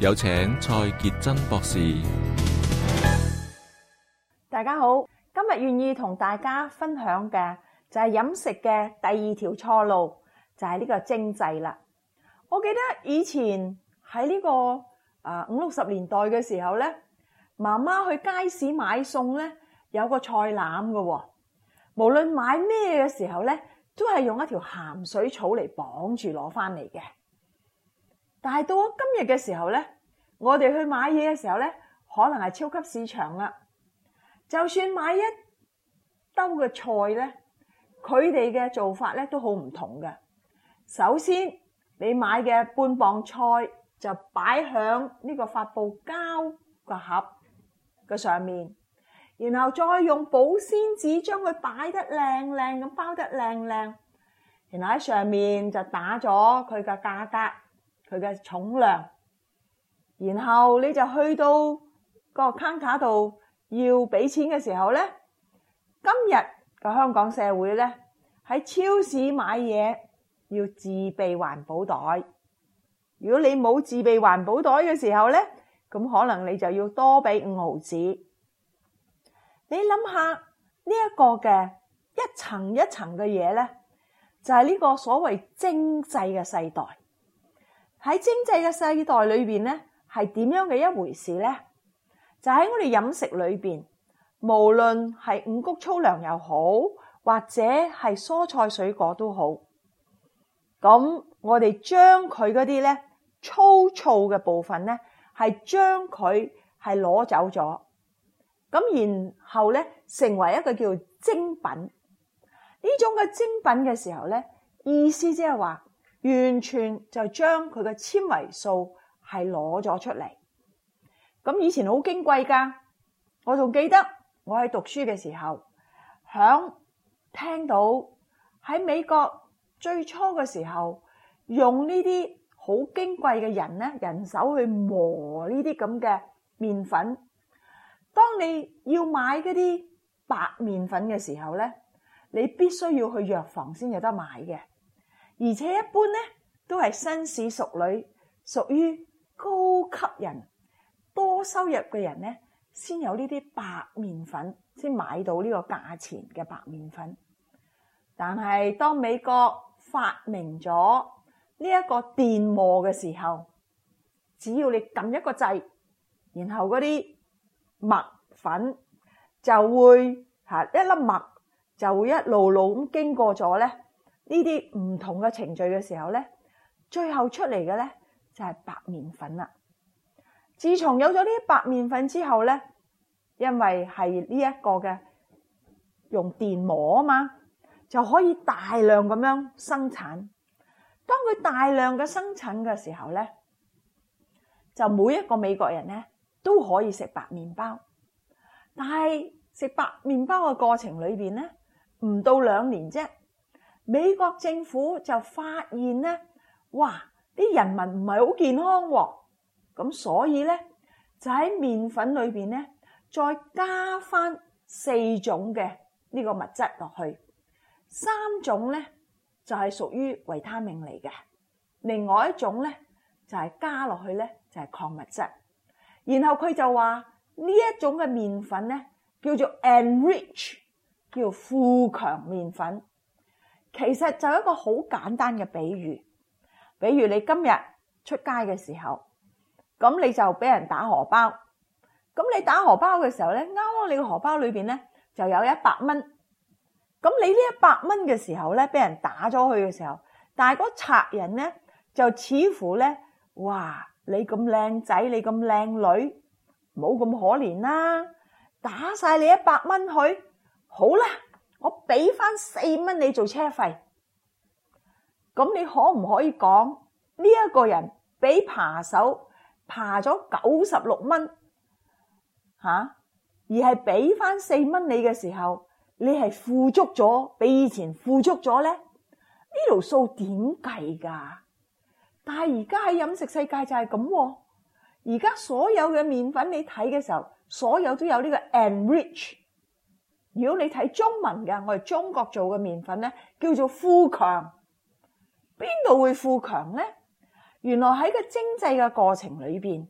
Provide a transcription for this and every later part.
有請蔡潔珍博士。大家好，今日願意同大家分享嘅就係飲食嘅第二條錯路，就係、是、呢個精製啦。我記得以前喺呢、這個啊五六十年代嘅時候呢，媽媽去街市買餸呢，有個菜籃嘅、哦，無論買咩嘅時候呢，都係用一條鹹水草嚟綁住攞翻嚟嘅。但係到咗今日嘅時候呢。我哋去買嘢嘅時候呢，可能係超級市場啦。就算買一兜嘅菜呢，佢哋嘅做法呢都好唔同嘅。首先，你買嘅半磅菜就擺響呢個發泡膠個盒嘅上面，然後再用保鮮紙將佢擺得靚靚咁包得靚靚，然後喺上面就打咗佢嘅價格、佢嘅重量。然後你就去到個 card 度要俾錢嘅時候呢，今日個香港社會呢，喺超市買嘢要自備環保袋。如果你冇自備環保袋嘅時候呢，咁可能你就要多俾五毫子。你諗下呢一個嘅一層一層嘅嘢呢，就係呢個所謂經濟嘅世代，喺經濟嘅世代裏面呢。係點樣嘅一回事呢？就喺我哋飲食裏邊，無論係五穀粗糧又好，或者係蔬菜水果都好，咁我哋將佢嗰啲呢，粗糙嘅部分呢，係將佢係攞走咗，咁然後呢，成為一個叫做精品，呢種嘅精品嘅時候呢，意思即係話，完全就將佢嘅纖維素。係攞咗出嚟，咁以前好矜貴噶，我仲記得我喺讀書嘅時候，響聽到喺美國最初嘅時候，用呢啲好矜貴嘅人呢，人手去磨呢啲咁嘅麵粉。當你要買嗰啲白麵粉嘅時候呢，你必須要去藥房先有得買嘅，而且一般呢都係紳士淑女屬於。高級人、多收入嘅人呢，先有呢啲白麵粉，先買到呢個價錢嘅白麵粉。但係當美國發明咗呢一個電磨嘅時候，只要你撳一個掣，然後嗰啲麥粉就會嚇一粒麥就會一路路咁經過咗呢呢啲唔同嘅程序嘅時候呢，最後出嚟嘅呢。就係白麵粉啦。自從有咗呢啲白麵粉之後呢，因為係呢一個嘅用電磨啊嘛，就可以大量咁樣生產。當佢大量嘅生產嘅時候呢，就每一個美國人呢都可以食白麵包。但係食白麵包嘅過程裏面呢，唔到兩年啫，美國政府就發現呢。哇！啲人民唔係好健康喎，啊，咁所以呢，就喺麵粉裏邊呢，再加翻四種嘅呢個物質落去，三種呢，就係、是、屬於維他命嚟嘅，另外一種呢，就係、是、加落去呢，就係、是、礦物質，然後佢就話呢一種嘅麵粉呢，叫做 enrich，叫做富強麵粉，其實就一個好簡單嘅比喻。比如你今日出街嘅時候，咁你就俾人打荷包，咁你打荷包嘅時候咧，啱啱你個荷包裏邊咧就有一百蚊，咁你呢一百蚊嘅時候咧，俾人打咗去嘅時候，但係嗰賊人咧就似乎咧，哇！你咁靚仔，你咁靚女，冇咁可憐啦，打晒你一百蚊去，好啦，我俾翻四蚊你做車費。咁你可唔可以講呢一個人俾扒手扒咗九十六蚊吓，而係俾翻四蚊你嘅時候，你係富足咗，比以前富足咗呢？呢條數點計噶？但係而家喺飲食世界就係咁啊，而家所有嘅麵粉你睇嘅時候，所有都有呢個 enrich。如果你睇中文嘅，我哋中國做嘅麵粉呢，叫做富強。邊度會富強呢？原來喺個精製嘅過程裏邊，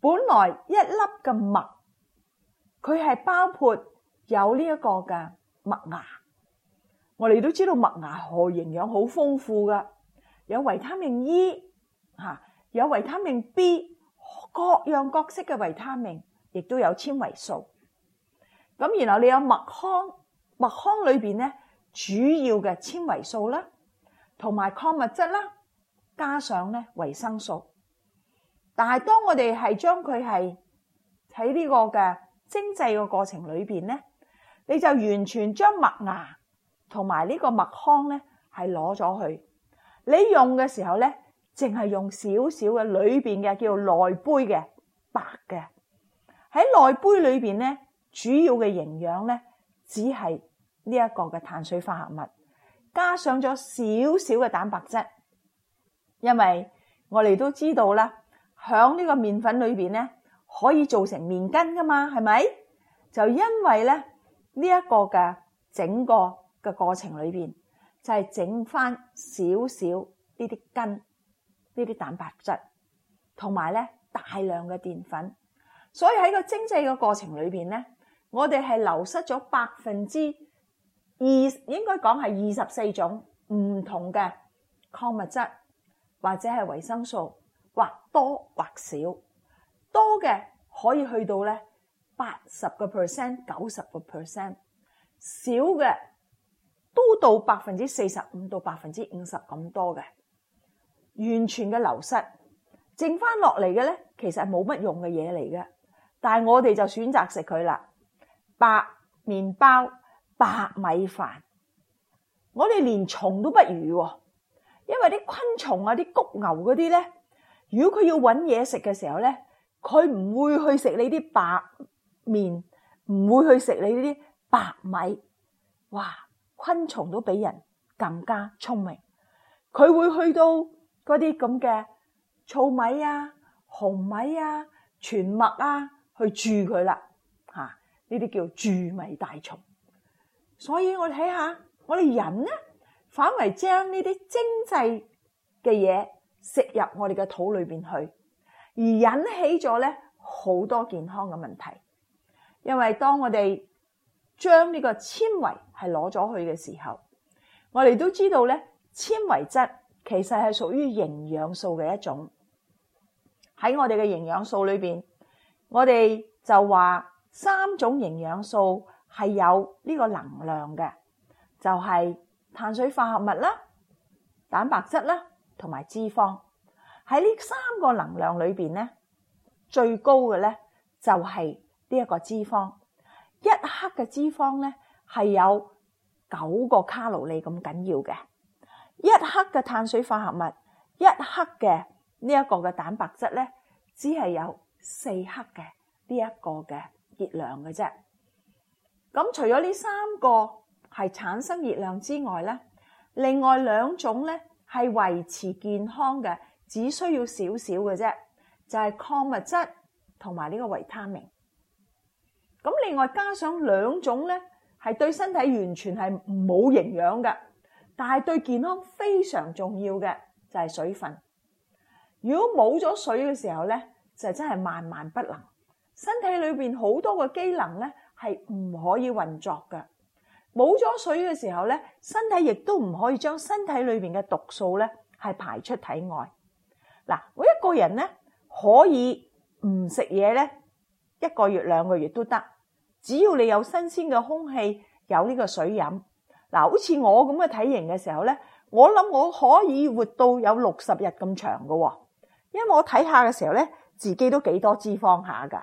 本來一粒嘅麥，佢係包括有呢一個嘅麥芽。我哋都知道麥芽荷營養好豐富噶，有維他命 E 吓，有維他命 B，各樣各式嘅維他命，亦都有纖維素。咁然後你有麥糠，麥糠裏邊咧，主要嘅纖維素啦。同埋礦物質啦，加上咧維生素。但係當我哋係將佢係喺呢個嘅精製嘅過程裏面咧，你就完全將麥芽同埋呢個麥糠咧係攞咗去。你用嘅時候咧，淨係用少少嘅裏面嘅叫做內杯嘅白嘅。喺內杯裏面咧，主要嘅營養咧，只係呢一個嘅碳水化合物。加上咗少少嘅蛋白質，因為我哋都知道啦，響呢個麵粉裏邊咧可以做成麵筋㗎嘛，係咪？就因為咧呢一個嘅整個嘅過程裏邊，就係整翻少少呢啲筋呢啲蛋白質，同埋咧大量嘅澱粉，所以喺個蒸製嘅過程裏邊咧，我哋係流失咗百分之。二應該講係二十四種唔同嘅礦物質或者係維生素，或多或少，多嘅可以去到咧八十個 percent、九十個 percent，少嘅都到百分之四十五到百分之五十咁多嘅，完全嘅流失，剩翻落嚟嘅咧其實係冇乜用嘅嘢嚟嘅，但係我哋就選擇食佢啦，白麵包。白米飯。我哋連蟲都不如喎。因為啲昆蟲啊，啲谷牛嗰啲呢，如果佢要搵嘢食嘅時候呢，佢唔會去食你啲白麵，唔會去食你啲白米。哇，昆蟲都比人更加聰明。佢會去到嗰啲咁嘅糙米呀、紅米呀、全麥呀，去住佢啦。呢啲叫蛀米大蟲。所以我哋睇下，我哋人呢，反為將呢啲精製嘅嘢食入我哋嘅肚裏邊去，而引起咗咧好多健康嘅問題。因為當我哋將呢個纖維係攞咗去嘅時候，我哋都知道咧，纖維質其實係屬於營養素嘅一種。喺我哋嘅營養素裏邊，我哋就話三種營養素。係有呢個能量嘅，就係碳水化合物啦、蛋白質啦同埋脂肪。喺呢三個能量裏邊咧，最高嘅咧就係呢一個脂肪。一克嘅脂肪咧係有九個卡路里咁緊要嘅。一克嘅碳水化合物，一克嘅呢一個嘅蛋白質咧，只係有四克嘅呢一個嘅熱量嘅啫。咁除咗呢三個係產生熱量之外咧，另外兩種咧係維持健康嘅，只需要少少嘅啫，就係礦物質同埋呢個維他命。咁另外加上兩種咧，係對身體完全係冇營養嘅，但係對健康非常重要嘅，就係水分。如果冇咗水嘅時候咧，就真係萬萬不能。身體裏邊好多個機能咧。係唔可以運作嘅，冇咗水嘅時候咧，身體亦都唔可以將身體裏邊嘅毒素咧係排出體外。嗱，我一個人咧可以唔食嘢咧，一個月兩個月都得，只要你有新鮮嘅空氣，有呢個水飲。嗱，好似我咁嘅體型嘅時候咧，我諗我可以活到有六十日咁長嘅，因為我睇下嘅時候咧，自己都幾多脂肪下噶。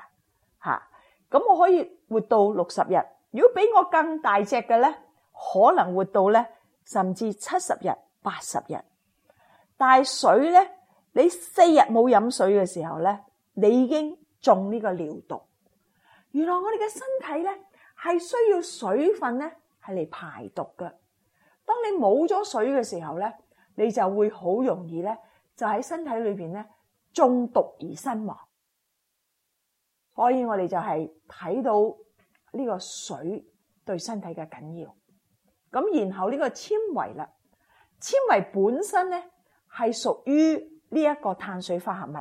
咁我可以活到六十日，如果俾我更大隻嘅咧，可能活到咧甚至七十日、八十日。但係水咧，你四日冇飲水嘅時候咧，你已經中呢個尿毒。原來我哋嘅身體咧係需要水分咧係嚟排毒噶。當你冇咗水嘅時候咧，你就會好容易咧就喺身體裏邊咧中毒而身亡。可以我哋就係睇到呢個水對身體嘅緊要，咁然後呢個纖維啦，纖維本身咧，係屬於呢一個碳水化合物。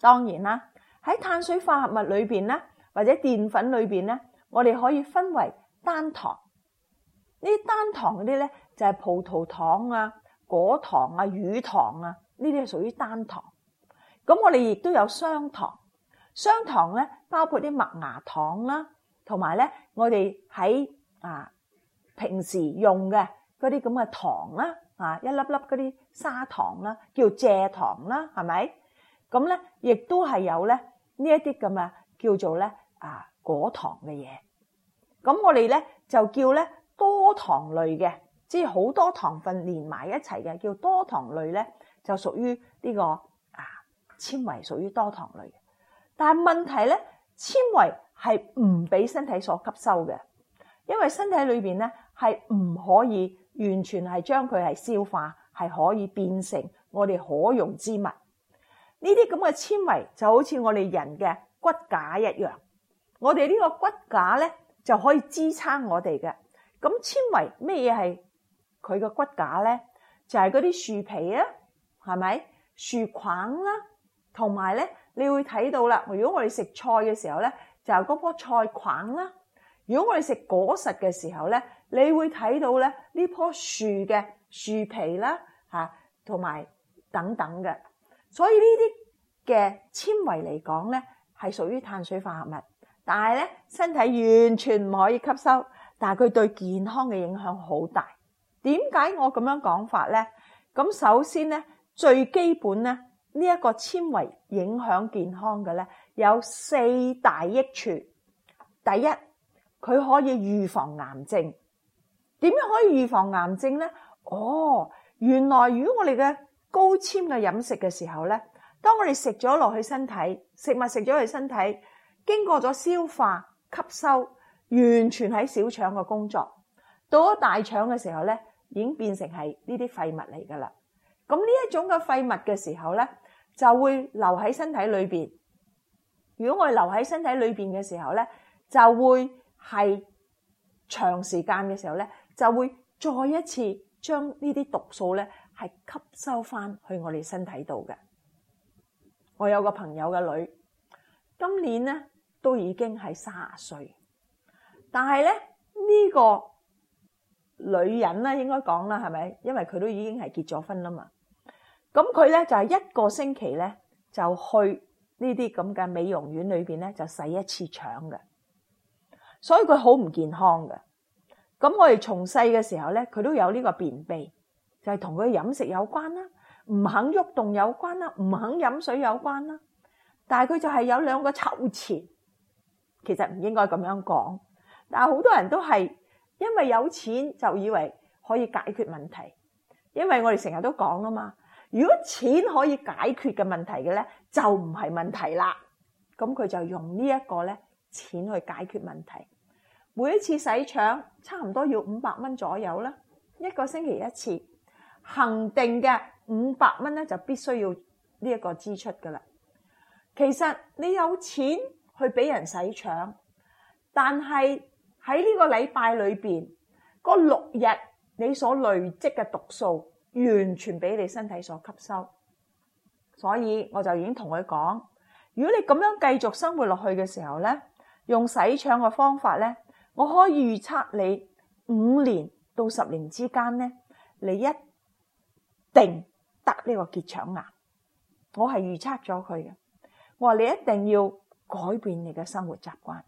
當然啦，喺碳水化合物裏邊咧，或者澱粉裏邊咧，我哋可以分為單糖。呢單糖嗰啲咧就係葡萄糖啊、果糖啊、乳糖啊，呢啲係屬於單糖。咁我哋亦都有雙糖。雙糖呢，包括啲麥芽糖啦，同埋呢，我哋喺，啊，平時用嘅嗰啲咁嘅糖啦，啊，一粒粒嗰啲砂糖啦，叫蔗糖啦，係咪？咁呢，亦都係有呢，呢一啲咁嘅，叫做呢，啊，果糖嘅嘢。咁我哋呢，就叫呢，多糖類嘅，即係好多糖分連埋一齊嘅，叫多糖類呢，就屬於呢個，啊，纖維屬於多糖類。但係問題咧，纖維係唔俾身體所吸收嘅，因為身體裏邊咧係唔可以完全係將佢係消化，係可以變成我哋可用之物。呢啲咁嘅纖維就好似我哋人嘅骨架一樣，我哋呢個骨架咧就可以支撐我哋嘅。咁纖維咩嘢係佢嘅骨架咧？就係嗰啲樹皮啊，係咪樹框啦，同埋咧？你會睇到啦，如果我哋食菜嘅時候咧，就係嗰棵菜梗啦，如果我哋食果實嘅時候咧，你會睇到咧呢棵樹嘅樹皮啦，吓同埋等等嘅。所以呢啲嘅纖維嚟講咧，係屬於碳水化合物，但係咧身體完全唔可以吸收，但係佢對健康嘅影響好大。點解我咁樣講法咧？咁首先咧，最基本咧。呢一個纖維影響健康嘅呢，有四大益處。第一，佢可以預防癌症。點樣可以預防癌症呢？哦，原來如果我哋嘅高纖嘅飲食嘅時候呢，當我哋食咗落去身體，食物食咗去身體，經過咗消化吸收，完全喺小腸嘅工作，到咗大腸嘅時候呢，已經變成係呢啲廢物嚟㗎喇。咁呢一種嘅廢物嘅時候咧，就會留喺身體裏面。如果我哋留喺身體裏面嘅時候咧，就會係長時間嘅時候咧，就會再一次將呢啲毒素咧係吸收翻去我哋身體度嘅。我有個朋友嘅女，今年咧都已經係卅歲，但係咧呢個。女人咧，應該講啦，係咪？因為佢都已經係結咗婚啦嘛。咁佢咧就係一個星期咧就去呢啲咁嘅美容院裏邊咧就洗一次腸嘅，所以佢好唔健康嘅。咁我哋從細嘅時候咧，佢都有呢個便秘，就係同佢飲食有關啦，唔肯喐動有關啦，唔肯飲水有關啦。但係佢就係有兩個臭錢，其實唔應該咁樣講，但係好多人都係。因為有錢就以為可以解決問題，因為我哋成日都講吖嘛，如果錢可以解決嘅問題嘅咧，就唔係問題啦。咁佢就用呢一個咧錢去解決問題，每一次洗腸差唔多要五百蚊左右啦，一個星期一次，恒定嘅五百蚊咧就必須要呢一個支出噶啦。其實你有錢去俾人洗腸，但係。喺呢個禮拜裏邊，個六日你所累積嘅毒素完全俾你身體所吸收，所以我就已經同佢講：如果你咁樣繼續生活落去嘅時候呢，用洗腸嘅方法呢，我可以預測你五年到十年之間呢，你一定得呢個結腸癌。我係預測咗佢嘅，我話你一定要改變你嘅生活習慣。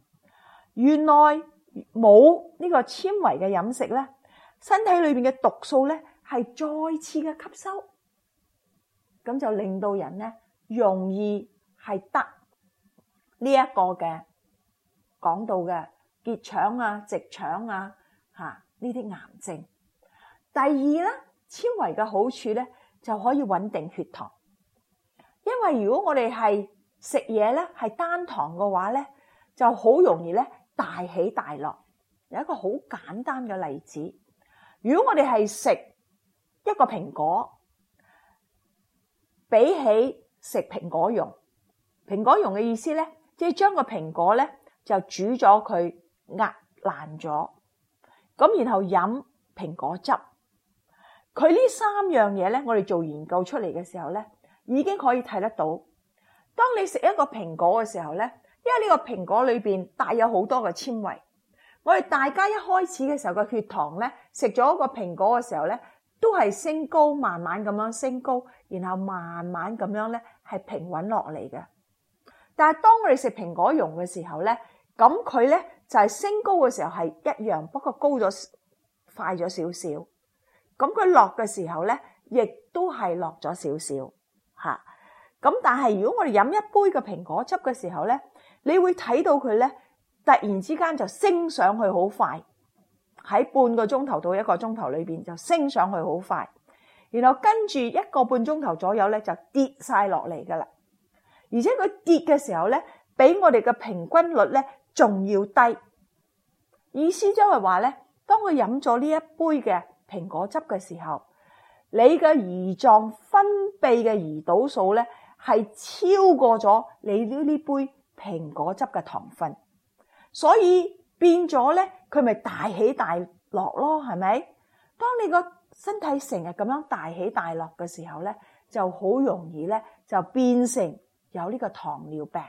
原來。冇呢個纖維嘅飲食咧，身體裏邊嘅毒素咧係再次嘅吸收，咁就令到人咧容易係得呢一個嘅講到嘅結腸啊、直腸啊、嚇呢啲癌症。第二咧，纖維嘅好處咧就可以穩定血糖，因為如果我哋係食嘢咧係單糖嘅話咧，就好容易咧。大起大落，有一個好簡單嘅例子。如果我哋係食一個蘋果，比起食蘋果蓉，蘋果蓉嘅意思咧，即係將個蘋果咧就煮咗佢，壓爛咗，咁然後飲蘋果汁。佢呢三樣嘢咧，我哋做研究出嚟嘅時候咧，已經可以睇得到。當你食一個蘋果嘅時候咧。因為呢個蘋果裏邊帶有好多嘅纖維，我哋大家一開始嘅時候個血糖咧，食咗一個蘋果嘅時候咧，都係升高，慢慢咁樣升高，然後慢慢咁樣咧係平穩落嚟嘅。但係當我哋食蘋果蓉嘅時候咧，咁佢咧就係升高嘅時候係一樣，不過高咗快咗少少。咁佢落嘅時候咧，亦都係落咗少少吓。咁但係如果我哋飲一杯嘅蘋果汁嘅時候咧，你會睇到佢咧，突然之間就升上去好快，喺半個鐘頭到一個鐘頭裏邊就升上去好快，然後跟住一個半鐘頭左右咧就跌晒落嚟噶啦。而且佢跌嘅時候咧，比我哋嘅平均率咧仲要低。意思就係話咧，當佢飲咗呢一杯嘅蘋果汁嘅時候，你嘅胰臟分泌嘅胰島素咧係超過咗你呢呢杯。蘋果汁嘅糖分，所以變咗咧，佢咪大起大落咯，係咪？當你個身體成日咁樣大起大落嘅時候咧，就好容易咧就變成有呢個糖尿病，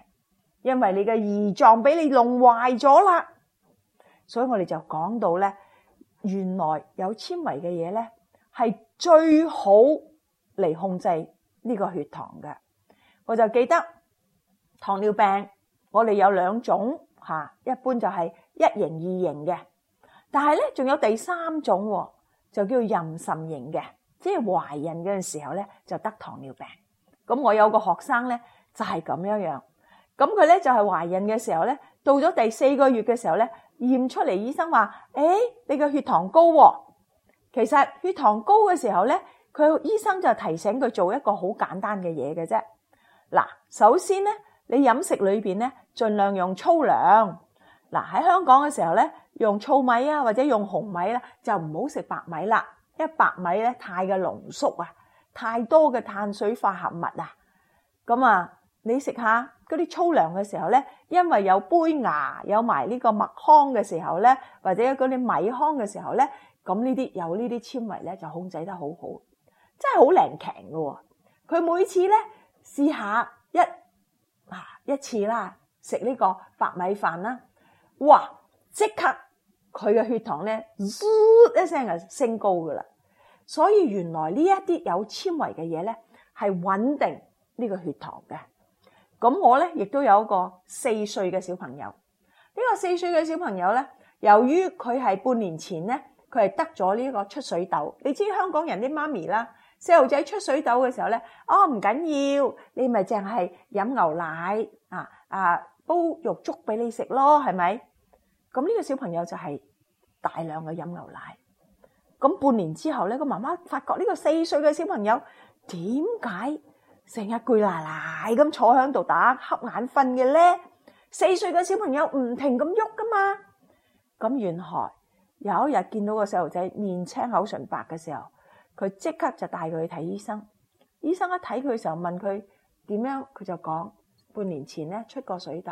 因為你嘅胰臟俾你弄壞咗啦。所以我哋就講到咧，原來有纖維嘅嘢咧係最好嚟控制呢個血糖嘅。我就記得糖尿病。我哋有兩種嚇，一般就係一型、二型嘅，但係咧仲有第三種，就叫妊娠型嘅，即係懷孕嘅時候咧就得糖尿病。咁我有個學生咧就係咁樣樣，咁佢咧就係、是、懷孕嘅時候咧，到咗第四個月嘅時候咧驗出嚟，醫生話，誒、哎、你嘅血糖高、哦。其實血糖高嘅時候咧，佢醫生就提醒佢做一個好簡單嘅嘢嘅啫。嗱，首先咧。你飲食裏邊咧，盡量用粗糧。嗱，喺香港嘅時候咧，用糙米啊，或者用紅米啦、啊，就唔好食白米啦。因為白米咧太嘅濃縮啊，太多嘅碳水化合物啊。咁啊，你食下嗰啲粗糧嘅時候咧，因為有胚芽，有埋呢個麥糠嘅時候咧，或者嗰啲米糠嘅時候咧，咁呢啲有呢啲纖維咧，就控制得好好，真係好靈強㗎。佢每次咧試下一嗱、啊，一次啦，食呢個白米飯啦，哇！即刻佢嘅血糖咧，一聲啊升高噶啦，所以原來呢一啲有纖維嘅嘢咧，係穩定呢個血糖嘅。咁我咧亦都有一個四歲嘅小朋友，呢個四歲嘅小朋友咧，由於佢係半年前咧，佢係得咗呢個出水痘。你知香港人啲媽咪啦。細路仔出水痘嘅時候咧，哦，唔緊要，你咪淨係飲牛奶啊啊，煲肉粥俾你食咯，係咪？咁呢個小朋友就係大量嘅飲牛奶。咁半年之後咧，個媽媽發覺呢個四歲嘅小朋友點解成日攰賴賴咁坐喺度打瞌眼瞓嘅咧？四歲嘅小朋友唔停咁喐噶嘛？咁原來有一日見到個細路仔面青口唇白嘅時候。佢即刻就帶佢去睇醫生。醫生一睇佢嘅時候，問佢點樣，佢就講半年前咧出過水痘，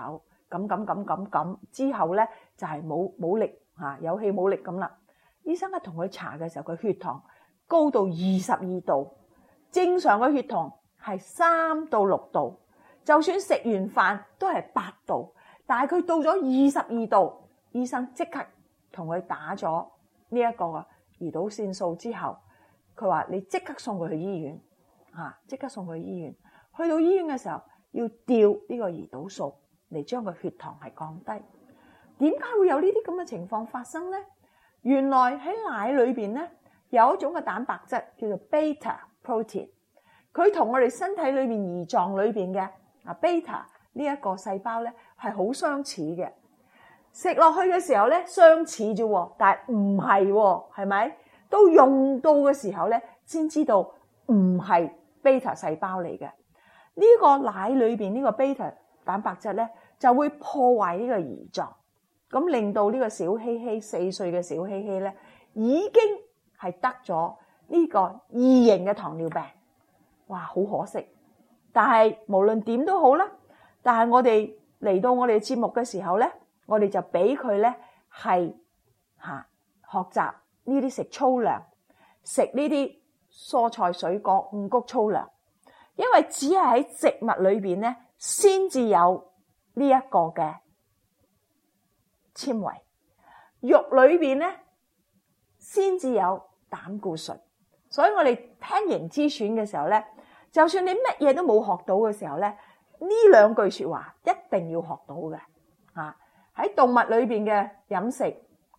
咁咁咁咁咁之後咧就係冇冇力吓，有氣冇力咁啦。醫生一同佢查嘅時候，佢血糖高到二十二度，正常嘅血糖係三到六度，就算食完飯都係八度，但係佢到咗二十二度，醫生即刻同佢打咗呢一個胰島素之後。佢話：他說你即刻送佢去醫院，啊！即刻送佢去醫院。去到醫院嘅時候，要吊呢個胰島素嚟將個血糖係降低。點解會有呢啲咁嘅情況發生呢？原來喺奶裏邊呢，有一種嘅蛋白質叫做 beta protein，佢同我哋身體裏面胰臟裏邊嘅啊 beta 呢一個細胞呢，係好相似嘅。食落去嘅時候呢，相似啫，但係唔係喎，係咪？都用到嘅時候咧，先知道唔係 beta 細胞嚟嘅。呢個奶裏面呢個 beta 蛋白質咧，就會破壞呢個胰臟，咁令到呢個小希希四歲嘅小希希咧，已經係得咗呢個二型嘅糖尿病。哇，好可惜！但係無論點都好啦，但係我哋嚟到我哋節目嘅時候咧，我哋就俾佢咧係學習。呢啲食粗糧，食呢啲蔬菜水果五穀粗糧，因為只係喺植物裏邊咧，先至有呢一個嘅纖維；肉裏邊咧，先至有膽固醇。所以我哋聽營之選嘅時候咧，就算你乜嘢都冇學到嘅時候咧，呢兩句說話一定要學到嘅啊！喺動物裏邊嘅飲食，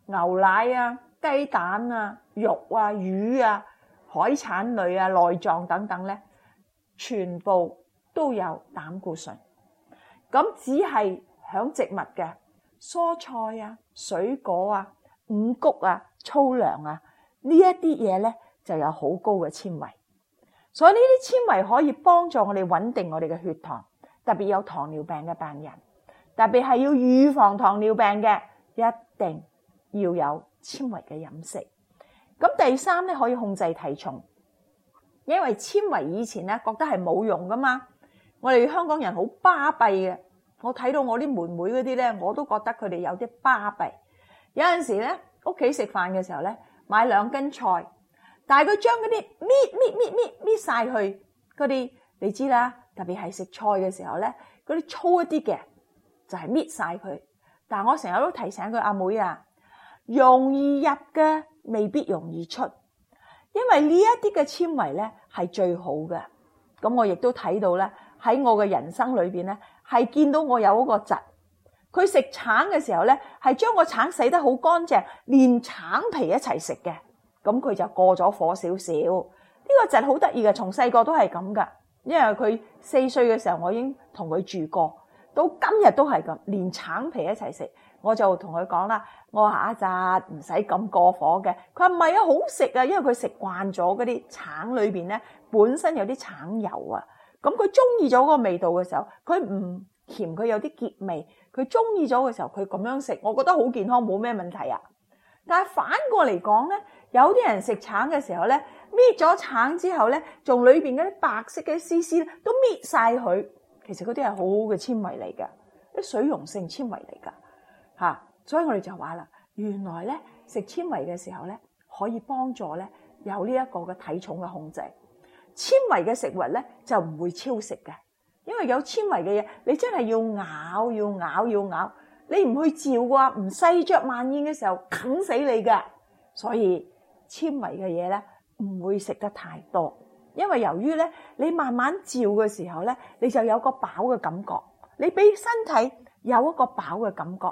牛奶啊。雞蛋啊、肉啊、魚啊、海產類啊、內臟等等咧，全部都有膽固醇。咁只係響植物嘅蔬菜啊、水果啊、五穀啊、粗糧啊呢一啲嘢咧，就有好高嘅纖維。所以呢啲纖維可以幫助我哋穩定我哋嘅血糖，特別有糖尿病嘅病人，特別係要預防糖尿病嘅，一定要有。纖維嘅飲食，咁第三咧可以控制體重，因為纖維以前咧覺得係冇用噶嘛。我哋香港人好巴閉嘅，我睇到我啲妹妹嗰啲咧，我都覺得佢哋有啲巴閉。有陣時咧，屋企食飯嘅時候咧，買兩斤菜，但係佢將嗰啲搣搣搣搣搣曬去嗰啲，你知啦。特別係食菜嘅時候咧，嗰啲粗一啲嘅就係搣曬佢。但係我成日都提醒佢阿妹啊。容易入嘅未必容易出，因為呢一啲嘅纖維呢係最好嘅。咁我亦都睇到呢，喺我嘅人生裏邊呢，係見到我有一個侄，佢食橙嘅時候呢，係將個橙洗得好乾淨，連橙皮一齊食嘅。咁佢就過咗火少少。呢個侄好得意嘅，從細個都係咁噶因為佢四歲嘅時候我已經同佢住過，到今日都係咁，連橙皮一齊食。我就同佢講啦，我話阿澤唔使咁過火嘅。佢話唔係啊，好食啊，因為佢食慣咗嗰啲橙裏面咧，本身有啲橙油啊。咁佢中意咗嗰個味道嘅時候，佢唔甜，佢有啲澀味。佢中意咗嘅時候，佢咁樣食，我覺得好健康，冇咩問題啊。但係反過嚟講咧，有啲人食橙嘅時候咧，搣咗橙之後咧，仲裏面嗰啲白色嘅絲絲都搣晒佢。其實嗰啲係好好嘅纖維嚟嘅，啲水溶性纖維嚟㗎。啊、所以我哋就話啦，原來咧食纖維嘅時候咧，可以幫助咧有呢一個嘅體重嘅控制。纖維嘅食物咧就唔會超食嘅，因為有纖維嘅嘢，你真係要咬要咬要咬，你唔去嚼嘅話，唔細嚼慢咽嘅時候啃死你嘅。所以纖維嘅嘢咧唔會食得太多，因為由於咧你慢慢嚼嘅時候咧，你就有一個飽嘅感覺，你俾身體有一個飽嘅感覺。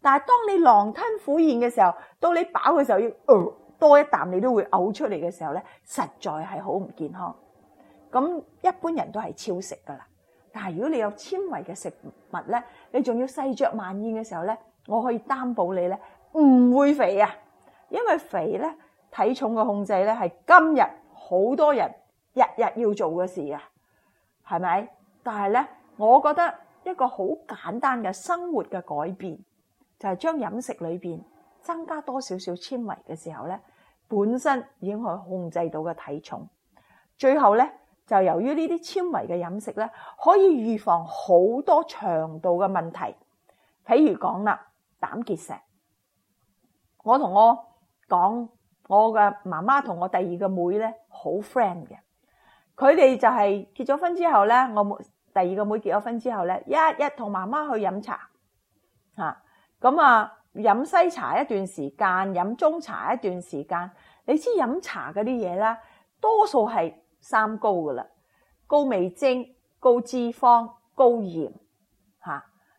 但係當你狼吞虎咽嘅時候，到你飽嘅時候要多一啖你都會嘔出嚟嘅時候呢，實在係好唔健康。咁一般人都係超食噶啦。但係如果你有纖維嘅食物呢，你仲要細嚼慢咽嘅時候呢，我可以擔保你呢唔會肥啊。因為肥呢體重嘅控制呢係今日好多人日日要做嘅事啊，係咪？但係呢，我覺得一個好簡單嘅生活嘅改變。就係將飲食裏邊增加多少少纖維嘅時候咧，本身已經可以控制到個體重。最後咧，就由於呢啲纖維嘅飲食咧，可以預防好多腸道嘅問題，譬如講啦，膽結石。我同我講，我嘅媽媽同我第二個妹咧好 friend 嘅，佢哋就係結咗婚之後咧，我第二個妹結咗婚之後咧，一一同媽媽去飲茶吓。咁啊，飲西茶一段時間，飲中茶一段時間，你知飲茶嗰啲嘢啦，多數係三高噶啦，高味精、高脂肪、高鹽，吓，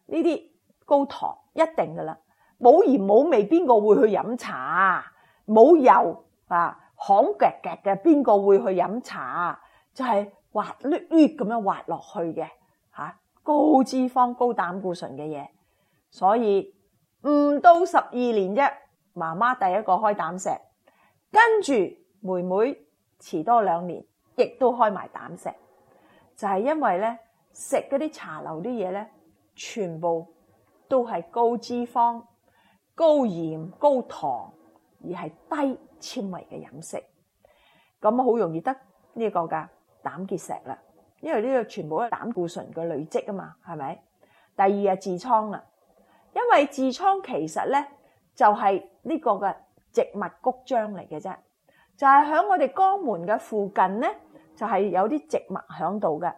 呢啲高糖一定噶啦。冇鹽冇味，邊個會去飲茶？冇油啊，乾夾夾嘅邊個會去飲茶？就係、是、滑碌碌咁樣滑落去嘅、吓、高脂肪、高膽固醇嘅嘢，所以。唔到十二年啫，媽媽第一個開膽石，跟住妹妹遲多兩年，亦都開埋膽石，就係、是、因為咧食嗰啲茶樓啲嘢咧，全部都係高脂肪、高鹽、高糖而係低纖維嘅飲食，咁好容易得呢個噶膽結石啦，因為呢個全部係膽固醇嘅累積啊嘛，係咪？第二啊，痔瘡啦。因為痔瘡其實咧就係呢個嘅植物曲張嚟嘅啫，就係喺我哋肛門嘅附近咧，就係有啲植物喺度嘅。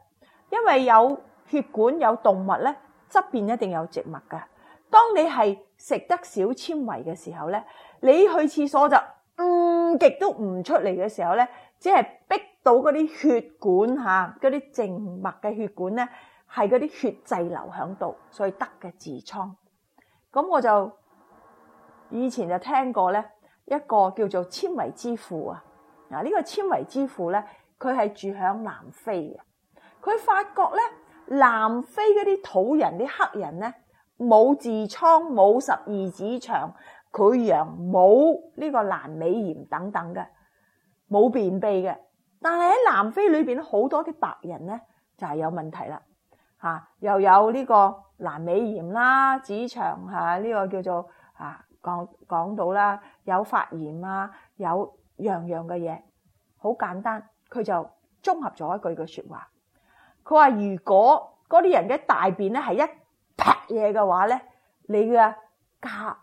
因為有血管有動物咧，側邊一定有植物嘅。當你係食得少纖維嘅時候咧，你去廁所就嗯，極都唔出嚟嘅時候咧，只係逼到嗰啲血管吓嗰啲靜脈嘅血管咧，係嗰啲血滯留喺度，所以得嘅痔瘡。咁我就以前就聽過咧，一個叫做纖維之父啊！嗱，呢個纖維之父咧，佢係住響南非嘅，佢發覺咧，南非嗰啲土人、啲黑人咧，冇痔瘡、冇十二指腸潰瘍、冇呢個闌尾炎等等嘅，冇便秘嘅。但係喺南非裏面，好多啲白人咧就係有問題啦，嚇又有呢個。南美炎啦、子腸嚇呢個叫做啊講講,講到啦，有發炎啊，有樣樣嘅嘢，好簡單。佢就綜合咗一句嘅說話，佢話：如果嗰啲人嘅大便咧係一劈嘢嘅話咧，你嘅家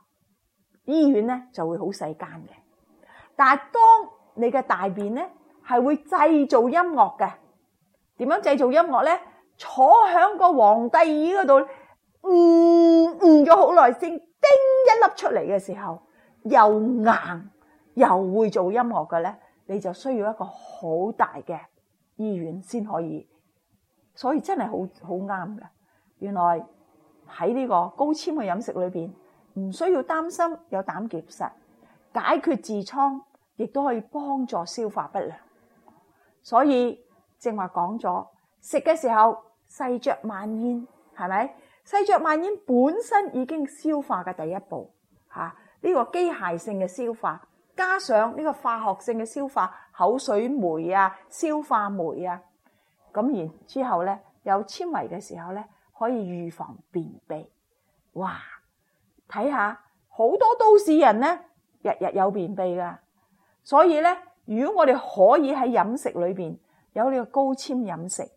醫院咧就會好細間嘅。但係當你嘅大便咧係會製造音樂嘅，點樣製造音樂咧？坐響個皇帝椅嗰度。誤咗好耐先，嗯嗯、叮一粒出嚟嘅時候又硬又會做音樂嘅咧，你就需要一個好大嘅醫院先可以。所以真係好好啱㗎。原來喺呢個高纖嘅飲食裏面，唔需要擔心有膽結石，解決痔瘡，亦都可以幫助消化不良。所以正話講咗，食嘅時候細嚼慢咽，係咪？細嚼慢咽本身已經消化嘅第一步，嚇呢個機械性嘅消化，加上呢個化學性嘅消化，口水酶啊、消化酶啊，咁然之後呢，有纖維嘅時候呢，可以預防便秘。哇！睇下好多都市人呢，日日有便秘噶，所以呢，如果我哋可以喺飲食裏面，有呢個高纖飲食。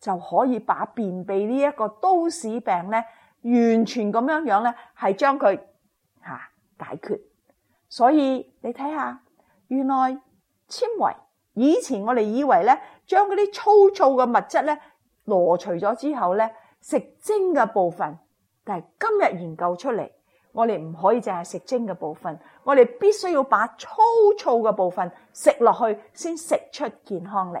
就可以把便秘呢一個都市病呢，完全咁樣樣呢，係將佢吓解決。所以你睇下，原來纖維以前我哋以為呢，將嗰啲粗糙嘅物質呢，挪除咗之後呢，食精嘅部分。但係今日研究出嚟，我哋唔可以淨係食精嘅部分，我哋必須要把粗糙嘅部分食落去，先食出健康嚟。